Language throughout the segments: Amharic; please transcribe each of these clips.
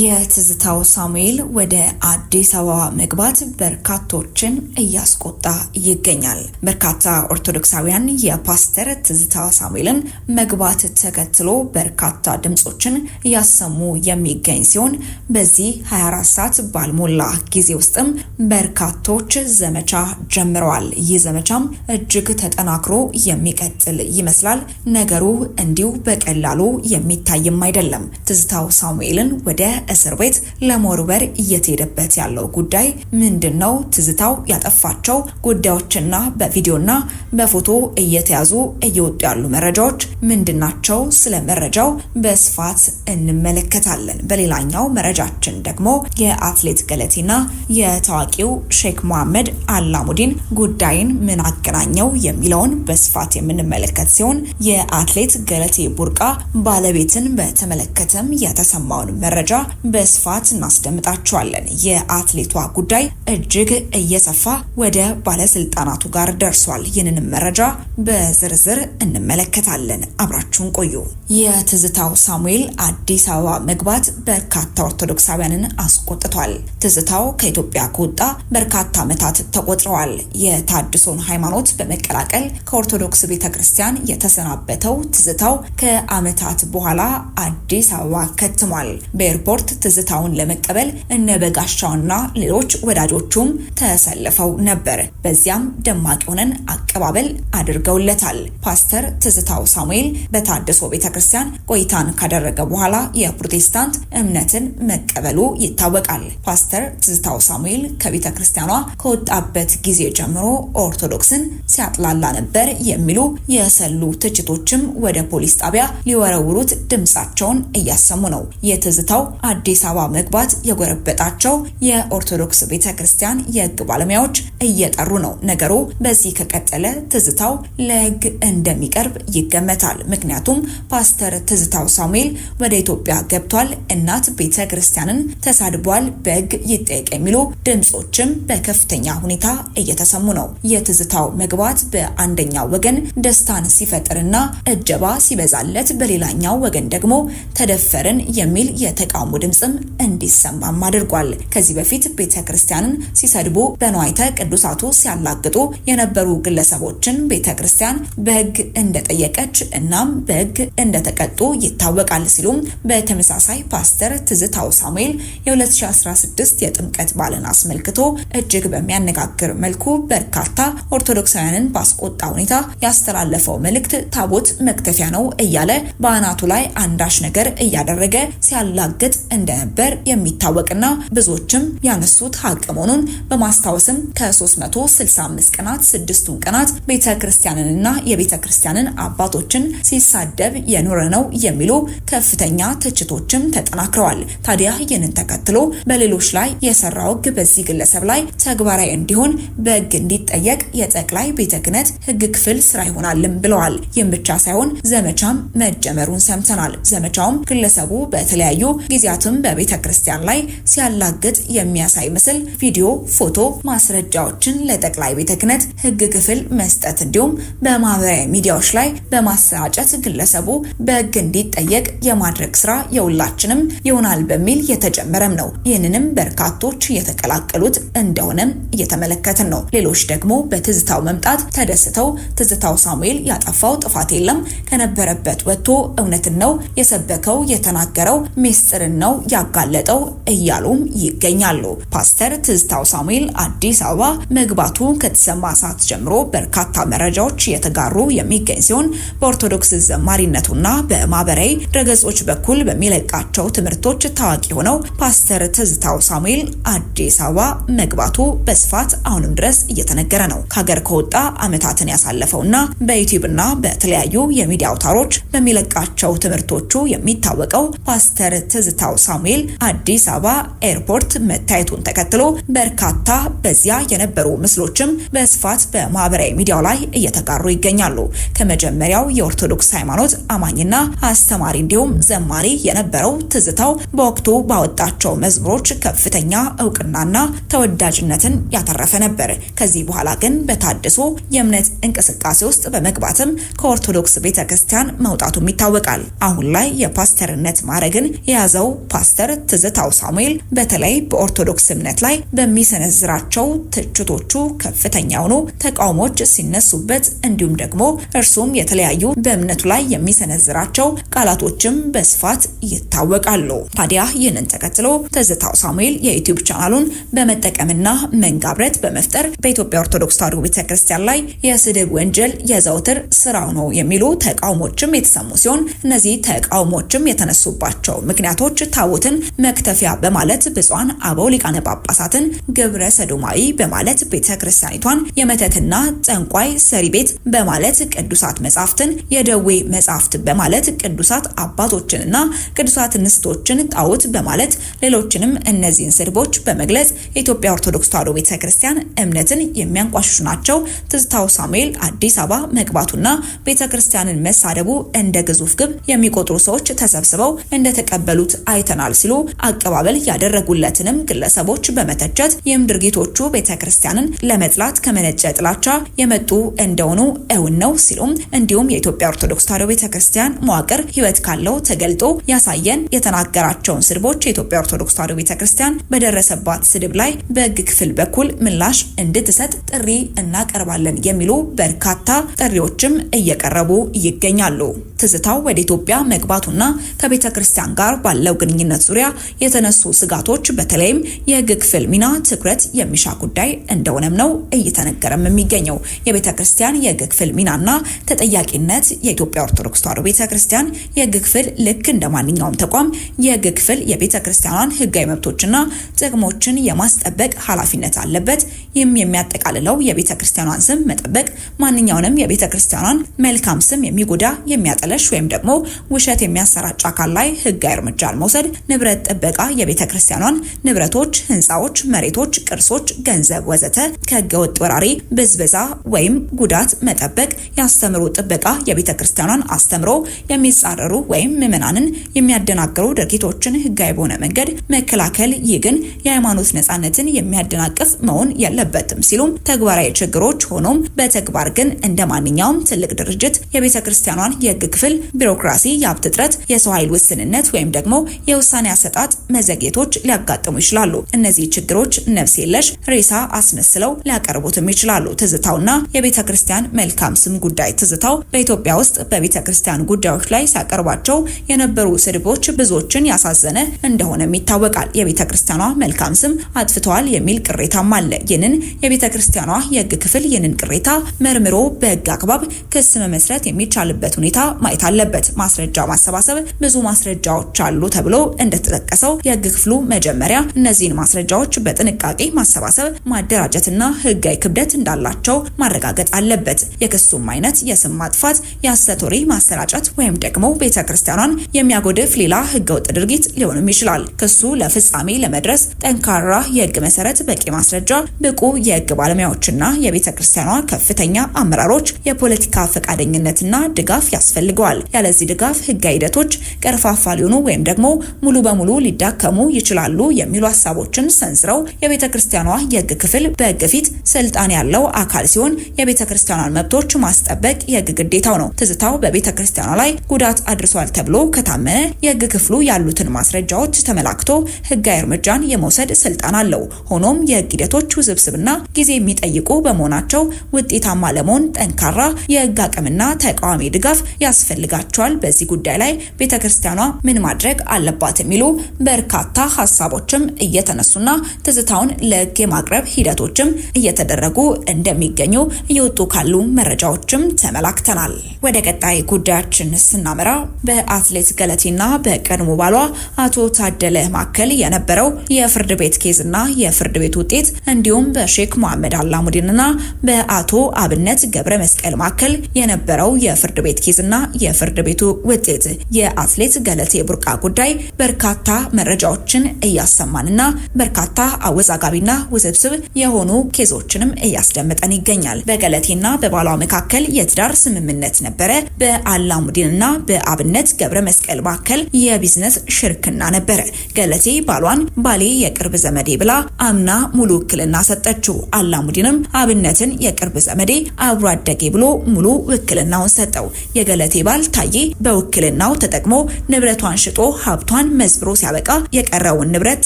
የትዝታው ሳሙኤል ወደ አዲስ አበባ መግባት በርካቶችን እያስቆጣ ይገኛል። በርካታ ኦርቶዶክሳውያን የፓስተር ትዝታ ሳሙኤልን መግባት ተከትሎ በርካታ ድምፆችን እያሰሙ የሚገኝ ሲሆን በዚህ 24 ሰዓት ባልሞላ ጊዜ ውስጥም በርካቶች ዘመቻ ጀምረዋል። ይህ ዘመቻም እጅግ ተጠናክሮ የሚቀጥል ይመስላል። ነገሩ እንዲሁ በቀላሉ የሚታይም አይደለም። ትዝታው ሳሙኤልን ወደ እስር ቤት ለመወርወር እየተሄደበት ያለው ጉዳይ ምንድን ነው? ትዝታው ያጠፋቸው ጉዳዮችና በቪዲዮና በፎቶ እየተያዙ እየወጡ ያሉ መረጃዎች ምንድናቸው? ስለ መረጃው በስፋት እንመለከታለን። በሌላኛው መረጃችን ደግሞ የአትሌት ገለቴና የታዋቂው ሼክ መሐመድ አላሙዲን ጉዳይን ምን አገናኘው የሚለውን በስፋት የምንመለከት ሲሆን የአትሌት ገለቴ ቡርቃ ባለቤትን በተመለከተም የተሰማውን መረጃ በስፋት እናስደምጣቸዋለን። የአትሌቷ ጉዳይ እጅግ እየሰፋ ወደ ባለስልጣናቱ ጋር ደርሷል። ይህንንም መረጃ በዝርዝር እንመለከታለን። አብራችሁን ቆዩ። የትዝታው ሳሙኤል አዲስ አበባ መግባት በርካታ ኦርቶዶክሳውያንን አስቆጥቷል። ትዝታው ከኢትዮጵያ ከወጣ በርካታ ዓመታት ተቆጥረዋል። የታድሶን ሃይማኖት በመቀላቀል ከኦርቶዶክስ ቤተ ክርስቲያን የተሰናበተው ትዝታው ከዓመታት በኋላ አዲስ አበባ ከትሟል። በኤርፖርት ሪፖርት ትዝታውን ለመቀበል እነ በጋሻውና ሌሎች ወዳጆቹም ተሰልፈው ነበር። በዚያም ደማቅ ሆነን አቀባበል አድርገውለታል። ፓስተር ትዝታው ሳሙኤል በታድሶ ቤተ ክርስቲያን ቆይታን ካደረገ በኋላ የፕሮቴስታንት እምነትን መቀበሉ ይታወቃል። ፓስተር ትዝታው ሳሙኤል ከቤተ ክርስቲያኗ ከወጣበት ጊዜ ጀምሮ ኦርቶዶክስን ሲያጥላላ ነበር የሚሉ የሰሉ ትችቶችም ወደ ፖሊስ ጣቢያ ሊወረውሩት ድምፃቸውን እያሰሙ ነው። የትዝታው አዲስ አበባ መግባት የጎረበጣቸው የኦርቶዶክስ ቤተ ክርስቲያን የህግ ባለሙያዎች እየጠሩ ነው። ነገሩ በዚህ ከቀጠለ ትዝታው ለህግ እንደሚቀርብ ይገመታል። ምክንያቱም ፓስተር ትዝታው ሳሙኤል ወደ ኢትዮጵያ ገብቷል፣ እናት ቤተ ክርስቲያንን ተሳድቧል፣ በሕግ ይጠየቅ የሚሉ ድምጾችም በከፍተኛ ሁኔታ እየተሰሙ ነው። የትዝታው መግባት በአንደኛው ወገን ደስታን ሲፈጥርና እጀባ ሲበዛለት፣ በሌላኛው ወገን ደግሞ ተደፈርን የሚል የተቃውሞ ድምፅም እንዲሰማም አድርጓል። ከዚህ በፊት ቤተ ክርስቲያንን ሲሰድቡ በንዋይተ ቅዱሳቱ ሲያላግጡ የነበሩ ግለሰ ግለሰቦችን ቤተ ክርስቲያን በህግ እንደጠየቀች እናም በህግ እንደተቀጡ ይታወቃል ሲሉም በተመሳሳይ ፓስተር ትዝታው ሳሙኤል የ2016 የጥምቀት በዓልን አስመልክቶ እጅግ በሚያነጋግር መልኩ በርካታ ኦርቶዶክሳውያንን ባስቆጣ ሁኔታ ያስተላለፈው መልእክት ታቦት መክተፊያ ነው እያለ በአናቱ ላይ አንዳች ነገር እያደረገ ሲያላግጥ እንደነበር የሚታወቅና ብዙዎችም ያነሱት ሀቅ መሆኑን በማስታወስም ከ365 ቀናት ስድስቱን ቀናት ካህናት ቤተ ክርስቲያንንና የቤተ ክርስቲያንን አባቶችን ሲሳደብ የኖረ ነው የሚሉ ከፍተኛ ትችቶችም ተጠናክረዋል። ታዲያ ይህንን ተከትሎ በሌሎች ላይ የሰራው ህግ በዚህ ግለሰብ ላይ ተግባራዊ እንዲሆን በሕግ እንዲጠየቅ የጠቅላይ ቤተ ክህነት ህግ ክፍል ስራ ይሆናልም ብለዋል። ይህም ብቻ ሳይሆን ዘመቻም መጀመሩን ሰምተናል። ዘመቻውም ግለሰቡ በተለያዩ ጊዜያትም በቤተ ክርስቲያን ላይ ሲያላግጥ የሚያሳይ ምስል፣ ቪዲዮ፣ ፎቶ ማስረጃዎችን ለጠቅላይ ቤተ ክህነት ህግ ክፍል መስጠት እንዲሁም በማህበራዊ ሚዲያዎች ላይ በማሰራጨት ግለሰቡ በህግ እንዲጠየቅ የማድረግ ስራ የሁላችንም ይሆናል በሚል የተጀመረም ነው። ይህንንም በርካቶች እየተቀላቀሉት እንደሆነም እየተመለከትን ነው። ሌሎች ደግሞ በትዝታው መምጣት ተደስተው ትዝታው ሳሙኤል ያጠፋው ጥፋት የለም ከነበረበት ወጥቶ እውነትን ነው የሰበከው የተናገረው ሚስጥርን ነው ያጋለጠው እያሉም ይገኛሉ። ፓስተር ትዝታው ሳሙኤል አዲስ አበባ መግባቱ ከተሰማ ሰዓት ጀምሮ በርካታ መረጃዎች እየተጋሩ የሚገኝ ሲሆን በኦርቶዶክስ ዘማሪነቱና በማህበራዊ ድረገጾች በኩል በሚለቃቸው ትምህርቶች ታዋቂ ሆነው ፓስተር ትዝታው ሳሙኤል አዲስ አበባ መግባቱ በስፋት አሁንም ድረስ እየተነገረ ነው። ከሀገር ከወጣ ዓመታትን ያሳለፈውና በዩቲዩብና በተለያዩ የሚዲያ አውታሮች በሚለቃቸው ትምህርቶቹ የሚታወቀው ፓስተር ትዝታው ሳሙኤል አዲስ አበባ ኤርፖርት መታየቱን ተከትሎ በርካታ በዚያ የነበሩ ምስሎችም በስፋት በማህበራዊ ማህበራዊ ሚዲያው ላይ እየተጋሩ ይገኛሉ። ከመጀመሪያው የኦርቶዶክስ ሃይማኖት አማኝና አስተማሪ እንዲሁም ዘማሪ የነበረው ትዝታው በወቅቱ ባወጣቸው መዝሙሮች ከፍተኛ እውቅናና ተወዳጅነትን ያተረፈ ነበር። ከዚህ በኋላ ግን በታድሶ የእምነት እንቅስቃሴ ውስጥ በመግባትም ከኦርቶዶክስ ቤተ ክርስቲያን መውጣቱም ይታወቃል። አሁን ላይ የፓስተርነት ማዕረግን የያዘው ፓስተር ትዝታው ሳሙኤል በተለይ በኦርቶዶክስ እምነት ላይ በሚሰነዝራቸው ትችቶቹ ከፍተኛ ሆኖ ተቃውሞች ጭስ ሲነሱበት እንዲሁም ደግሞ እርሱም የተለያዩ በእምነቱ ላይ የሚሰነዝራቸው ቃላቶችም በስፋት ይታወቃሉ። ታዲያ ይህንን ተከትሎ ትዝታው ሳሙኤል የዩቲዩብ ቻናሉን በመጠቀምና መንጋብረት በመፍጠር በኢትዮጵያ ኦርቶዶክስ ተዋሕዶ ቤተክርስቲያን ላይ የስድብ ወንጀል የዘውትር ስራው ነው የሚሉ ተቃውሞችም የተሰሙ ሲሆን እነዚህ ተቃውሞችም የተነሱባቸው ምክንያቶች ታቦትን መክተፊያ በማለት ብፁዓን አበው ሊቃነ ጳጳሳትን ግብረ ሰዶማዊ በማለት ቤተክርስቲያኒቷን የመተትና ጠንቋይ ሰሪ ቤት በማለት ቅዱሳት መጻሕፍትን የደዌ መጻሕፍት በማለት ቅዱሳት አባቶችንና ቅዱሳት ንስቶችን ጣዖት በማለት ሌሎችንም እነዚህን ስድቦች በመግለጽ የኢትዮጵያ ኦርቶዶክስ ተዋሕዶ ቤተክርስቲያን እምነትን የሚያንቋሽሹ ናቸው። ትዝታው ሳሙኤል አዲስ አበባ መግባቱና ቤተክርስቲያንን መሳደቡ እንደ ግዙፍ ግብ የሚቆጥሩ ሰዎች ተሰብስበው እንደተቀበሉት አይተናል ሲሉ አቀባበል ያደረጉለትንም ግለሰቦች በመተቸት ይህም ድርጊቶቹ ቤተክርስቲያንን ለመጥላት ከመነጨ ጥላቻ የመጡ እንደሆኑ እውን ነው ሲሉም እንዲሁም የኢትዮጵያ ኦርቶዶክስ ተዋሕዶ ቤተክርስቲያን መዋቅር ህይወት ካለው ተገልጦ ያሳየን የተናገራቸውን ስድቦች የኢትዮጵያ ኦርቶዶክስ ተዋሕዶ ቤተክርስቲያን በደረሰባት ስድብ ላይ በህግ ክፍል በኩል ምላሽ እንድትሰጥ ጥሪ እናቀርባለን የሚሉ በርካታ ጥሪዎችም እየቀረቡ ይገኛሉ። ትዝታው ወደ ኢትዮጵያ መግባቱና ከቤተ ክርስቲያን ጋር ባለው ግንኙነት ዙሪያ የተነሱ ስጋቶች በተለይም የህግ ክፍል ሚና ትኩረት የሚሻ ጉዳይ እንደሆነም ነው እየተነገረም የሚገኘው። ነው። የቤተ ክርስቲያን የህግ ክፍል ሚናና ተጠያቂነት የኢትዮጵያ ኦርቶዶክስ ተዋሕዶ ቤተ ክርስቲያን የህግ ክፍል ልክ እንደ ማንኛውም ተቋም የህግ ክፍል የቤተ ክርስቲያኗን ህጋዊ መብቶችና ጥቅሞችን የማስጠበቅ ኃላፊነት አለበት። ይህም የሚያጠቃልለው የቤተ ክርስቲያኗን ስም መጠበቅ፣ ማንኛውንም የቤተ ክርስቲያኗን መልካም ስም የሚጎዳ የሚያጠለሽ ወይም ደግሞ ውሸት የሚያሰራጭ አካል ላይ ህጋዊ እርምጃ አልመውሰድ፣ ንብረት ጥበቃ፣ የቤተ ክርስቲያኗን ንብረቶች፣ ህንፃዎች፣ መሬቶች፣ ቅርሶች፣ ገንዘብ ወዘተ ከህገ ወጥ ወራሪ ብዝበዛ ወይም ጉዳት መጠበቅ የአስተምሮ ጥበቃ የቤተ ክርስቲያኗን አስተምሮ የሚጻረሩ ወይም ምዕመናንን የሚያደናግሩ ድርጊቶችን ህጋዊ በሆነ መንገድ መከላከል። ይህ ግን የሃይማኖት ነጻነትን የሚያደናቅፍ መሆን የለበትም ሲሉም ተግባራዊ ችግሮች። ሆኖም በተግባር ግን እንደ ማንኛውም ትልቅ ድርጅት የቤተ ክርስቲያኗን የህግ ክፍል ቢሮክራሲ፣ የሀብት እጥረት፣ የሰው ኃይል ውስንነት ወይም ደግሞ የውሳኔ አሰጣጥ መዘግየቶች ሊያጋጥሙ ይችላሉ። እነዚህ ችግሮች ነፍስ የለሽ ሬሳ አስመስለው ሊያቀርቡትም ይችላሉ። ትዝታው ትዝታውና የቤተ ክርስቲያን መልካም ስም ጉዳይ ትዝታው በኢትዮጵያ ውስጥ በቤተ ክርስቲያን ጉዳዮች ላይ ሲያቀርባቸው የነበሩ ስድቦች ብዙዎችን ያሳዘነ እንደሆነም ይታወቃል። የቤተ ክርስቲያኗ መልካም ስም አጥፍተዋል የሚል ቅሬታም አለ። ይህንን የቤተ ክርስቲያኗ የሕግ ክፍል ይህንን ቅሬታ መርምሮ በህግ አግባብ ክስ መመስረት የሚቻልበት ሁኔታ ማየት አለበት። ማስረጃ ማሰባሰብ ብዙ ማስረጃዎች አሉ ተብሎ እንደተጠቀሰው የህግ ክፍሉ መጀመሪያ እነዚህን ማስረጃዎች በጥንቃቄ ማሰባሰብ ማደራጀትና ሕጋዊ ክብደት እንዳላቸው ማረጋገጥ አለበት። የክሱም አይነት የስም ማጥፋት፣ የሐሰት ወሬ ማሰራጨት ወይም ደግሞ ቤተ ክርስቲያኗን የሚያጎድፍ ሌላ ህገወጥ ድርጊት ሊሆንም ይችላል። ክሱ ለፍጻሜ ለመድረስ ጠንካራ የህግ መሰረት፣ በቂ ማስረጃ፣ ብቁ የህግ ባለሙያዎችና የቤተ ክርስቲያኗ ከፍተኛ አመራሮች የፖለቲካ ፈቃደኝነትና ድጋፍ ያስፈልገዋል። ያለዚህ ድጋፍ ህጋዊ ሂደቶች ቀርፋፋ ሊሆኑ ወይም ደግሞ ሙሉ በሙሉ ሊዳከሙ ይችላሉ የሚሉ ሀሳቦችን ሰንዝረው የቤተ ክርስቲያኗ የህግ ክፍል በህግ ፊት ስልጣን ያለው አካል ሲሆን የቤተ ክርስቲያኗን መብቶች ማስጠበቅ የህግ ግዴታው ነው። ትዝታው በቤተ ክርስቲያኗ ላይ ጉዳት አድርሷል ተብሎ ከታመነ የህግ ክፍሉ ያሉትን ማስረጃዎች ተመላክቶ ህጋዊ እርምጃን የመውሰድ ስልጣን አለው። ሆኖም የህግ ሂደቶች ውስብስብና ጊዜ የሚጠይቁ በመሆናቸው ውጤታማ ለመሆን ጠንካራ የህግ አቅምና ተቃዋሚ ድጋፍ ያስፈልጋቸዋል። በዚህ ጉዳይ ላይ ቤተ ክርስቲያኗ ምን ማድረግ አለባት የሚሉ በርካታ ሀሳቦችም እየተነሱና ትዝታውን ለህግ የማቅረብ ሂደቶችም እየተደረጉ እንደሚገኙ እንደሚገኙ እየወጡ ካሉ መረጃዎችም ተመላክተናል። ወደ ቀጣይ ጉዳያችን ስናመራ በአትሌት ገለቴና በቀድሞ ባሏ አቶ ታደለ ማከል የነበረው የፍርድ ቤት ኬዝና የፍርድ ቤት ውጤት እንዲሁም በሼክ መሐመድ አላሙዲንና በአቶ አብነት ገብረ መስቀል ማከል የነበረው የፍርድ ቤት ኬዝና የፍርድ ቤቱ ውጤት የአትሌት ገለቴ ቡርቃ ጉዳይ በርካታ መረጃዎችን እያሰማንና በርካታ አወዛጋቢና ውስብስብ የሆኑ ኬዞችንም እያስደመጠን ይገኛል። ይገኛል። በገለቴና በባሏ መካከል የትዳር ስምምነት ነበረ። በአላሙዲንና በአብነት ገብረ መስቀል መካከል የቢዝነስ ሽርክና ነበረ። ገለቴ ባሏን ባሌ የቅርብ ዘመዴ ብላ አምና ሙሉ ውክልና ሰጠችው። አላሙዲንም አብነትን የቅርብ ዘመዴ አብሮ አደጌ ብሎ ሙሉ ውክልናውን ሰጠው። የገለቴ ባል ታዬ በውክልናው ተጠቅሞ ንብረቷን ሽጦ ሀብቷን መዝብሮ ሲያበቃ የቀረውን ንብረት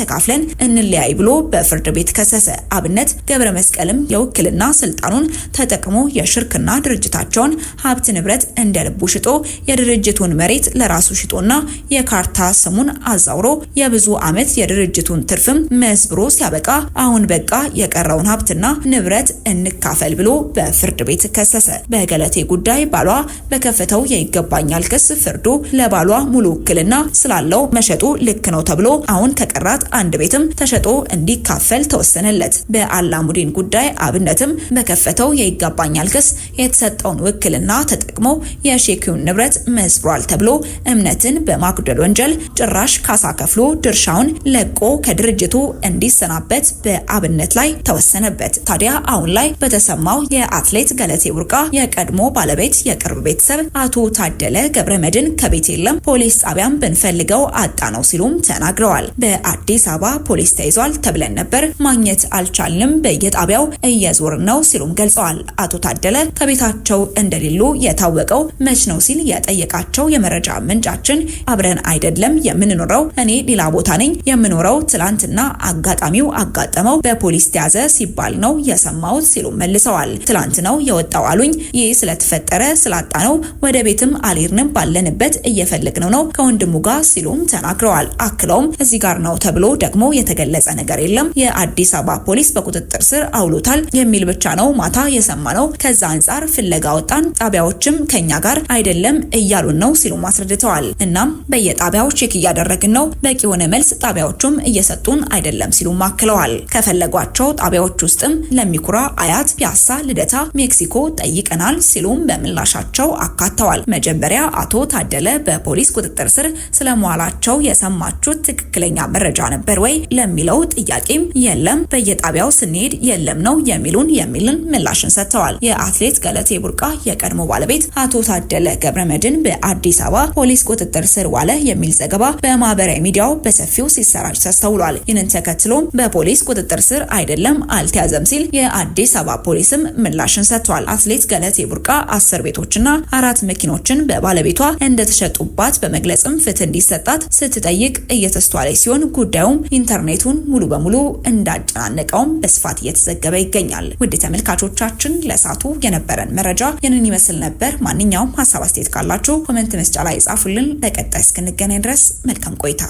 ተካፍለን እንለያይ ብሎ በፍርድ ቤት ከሰሰ። አብነት ገብረ መስቀልም የውክልና ስልጣኑን ስልጣኑን ተጠቅሞ የሽርክና ድርጅታቸውን ሀብት ንብረት እንደ ልቡ ሽጦ የድርጅቱን መሬት ለራሱ ሽጦና የካርታ ስሙን አዛውሮ የብዙ ዓመት የድርጅቱን ትርፍም መዝብሮ ሲያበቃ አሁን በቃ የቀረውን ሀብትና ንብረት እንካፈል ብሎ በፍርድ ቤት ከሰሰ። በገለቴ ጉዳይ ባሏ በከፈተው የይገባኛል ክስ ፍርዱ ለባሏ ሙሉ ውክልና ስላለው መሸጡ ልክ ነው ተብሎ አሁን ከቀራት አንድ ቤትም ተሸጦ እንዲካፈል ተወሰነለት። በአላሙዲን ጉዳይ አብነትም በከፈ በከፈተው የይገባኛል ክስ የተሰጠውን ውክልና ተጠቅሞ የሼኪውን ንብረት መስብሯል ተብሎ እምነትን በማጉደል ወንጀል ጭራሽ ካሳ ከፍሎ ድርሻውን ለቆ ከድርጅቱ እንዲሰናበት በአብነት ላይ ተወሰነበት። ታዲያ አሁን ላይ በተሰማው የአትሌት ገለቴ ቡርቃ የቀድሞ ባለቤት የቅርብ ቤተሰብ አቶ ታደለ ገብረ መድን ከቤት የለም ፖሊስ ጣቢያን ብንፈልገው አጣ ነው ሲሉም ተናግረዋል። በአዲስ አበባ ፖሊስ ተይዟል ተብለን ነበር ማግኘት አልቻልንም፣ በየጣቢያው እየዞርን ነው ሲሉ መሆናቸውን ገልጸዋል። አቶ ታደለ ከቤታቸው እንደሌሉ የታወቀው መች ነው ሲል የጠየቃቸው የመረጃ ምንጫችን አብረን አይደለም የምንኖረው፣ እኔ ሌላ ቦታ ነኝ የምኖረው፣ ትላንትና አጋጣሚው አጋጠመው በፖሊስ ተያዘ ሲባል ነው የሰማሁት ሲሉ መልሰዋል። ትላንት ነው የወጣው አሉኝ። ይህ ስለተፈጠረ ስላጣ ነው ወደ ቤትም አልሄድንም፣ ባለንበት እየፈለግነው ነው ከወንድሙ ጋር ሲሉም ተናግረዋል። አክለውም እዚህ ጋር ነው ተብሎ ደግሞ የተገለጸ ነገር የለም። የአዲስ አበባ ፖሊስ በቁጥጥር ስር አውሎታል የሚል ብቻ ነው ማታ የሰማነው ከዛ አንጻር ፍለጋ ወጣን። ጣቢያዎችም ከኛ ጋር አይደለም እያሉን ነው ሲሉም አስረድተዋል። እናም በየጣቢያው ቼክ እያደረግን ነው፣ በቂ የሆነ መልስ ጣቢያዎቹም እየሰጡን አይደለም ሲሉም አክለዋል። ከፈለጓቸው ጣቢያዎች ውስጥም ለሚኩራ፣ አያት፣ ፒያሳ፣ ልደታ፣ ሜክሲኮ ጠይቀናል ሲሉም በምላሻቸው አካተዋል። መጀመሪያ አቶ ታደለ በፖሊስ ቁጥጥር ስር ስለመዋላቸው የሰማችሁት ትክክለኛ መረጃ ነበር ወይ ለሚለው ጥያቄም የለም በየጣቢያው ስንሄድ የለም ነው የሚሉን የሚልን ምላሽን ሰጥተዋል። የአትሌት ገለቴ ቡርቃ የቀድሞ ባለቤት አቶ ታደለ ገብረ መድን በአዲስ አበባ ፖሊስ ቁጥጥር ስር ዋለ የሚል ዘገባ በማህበራዊ ሚዲያው በሰፊው ሲሰራጭ ተስተውሏል። ይህንን ተከትሎም በፖሊስ ቁጥጥር ስር አይደለም አልተያዘም ሲል የአዲስ አበባ ፖሊስም ምላሽን ሰጥቷል። አትሌት ገለቴ ቡርቃ አስር ቤቶችና አራት መኪኖችን በባለቤቷ እንደተሸጡባት በመግለጽም ፍትህ እንዲሰጣት ስትጠይቅ እየተስተዋለ ሲሆን ጉዳዩም ኢንተርኔቱን ሙሉ በሙሉ እንዳጨናነቀውም በስፋት እየተዘገበ ይገኛል። ውድ ተመልካቾች ተመልካቾቻችን ለእሳቱ የነበረን መረጃ ይህንን ይመስል ነበር። ማንኛውም ሀሳብ አስተያየት ካላችሁ ኮመንት መስጫ ላይ ጻፉልን። በቀጣይ እስክንገናኝ ድረስ መልካም ቆይታ